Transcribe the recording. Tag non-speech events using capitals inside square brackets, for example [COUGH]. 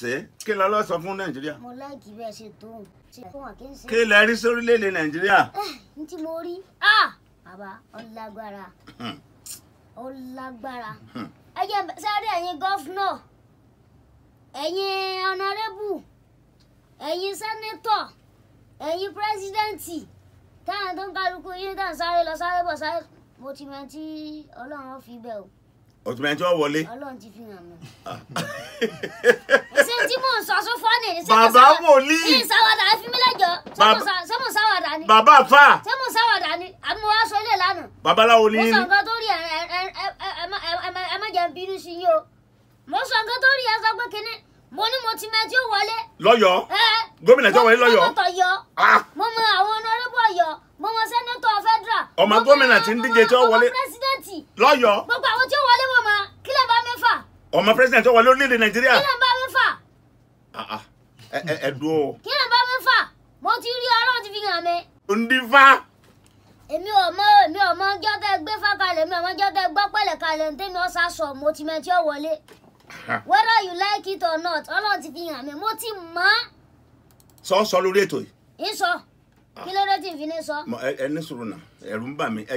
ṣe kí lọ lọ sọ fún nàìjíríà. mo láìkí bí ẹ ṣe tó ń ṣe fún wa kí n ṣe. kí lẹ rí sórílẹ̀-èdè nàìjíríà. Eh, n tí mo rí ah! bàbá ó lágbára hmm. ó lágbára hmm. ẹ jẹ́ sáré ẹ̀yin gọ́fúnà ẹ̀yin ọ̀nàrẹ́bù ẹ̀yin sẹ́nẹ́tọ̀ ẹ̀yin pírẹ́sídẹ́ǹtì táwọn tó ń kálukú yín tàn sáré lọ sáré bọ̀ sáré mo ti mọ tí ọlọ́run fi bẹ́ẹ̀ o. o ti mọ tí wọ́n wọlé. ọlọ́run ti fi hàn mí. Ah. [LAUGHS] sún fọ́ọ̀nì ní sẹ́mu bàbá wòlíì. kí n sáwàdà sẹ́mu sáwàdà ni. bàbá fà. sẹ́mu sáwàdà ni àmì wàá sọ ilé lánàá. babaláwo ni. mo sọ nǹkan tó rí ẹ má jẹ́ bínú sí yín o. mo sọ nǹkan tó rí ẹ pé kínní mo ní mo ti mẹ tí ó wọlé. lọ́yọ̀. gómìnà tí ó wọlé lọ́yọ̀. mo mọ tọ̀yọ̀. Ah! mo mọ àwọn ọ̀nàrẹ́bù ọ̀yọ́ mo mọ sẹ́nẹ́tọ̀ federal. ọmọ gómìnà tí ń díje tí ó wọlé. ọmọ gbogbo àwọn tí ó wọlé wọ̀ mọ́ kílẹ̀ bá mẹ́fà. ọmọ pírẹsidẹ̀ntì ó wọlé orílẹ̀-èdè nàìjíríà. kílẹ̀ bá Ah, ah. ẹ̀dùn o. kí ni bá mi fà mo ti rí ọlọ́run ti fi hàn mi. ǹdí fa. èmi ò mọ èmi ò mọ ọjọ́ tẹ́ gbé fa kalẹ̀ mi ò mọ ọjọ́ tẹ́ gbọ́ pẹ̀lẹ́ kalẹ̀ ní tèmi ọ̀sà sọ mo ti mẹ tí wọlé. whether you like it or not ọlọ́run ti fi hàn mi mo ti mọ̀ ọ́. sọ sọ lórí ètò yìí. ń sọ ah. kí ló dé tí n fi ní sọ. ẹni sùúrù náà ẹ̀rù ń bà mí.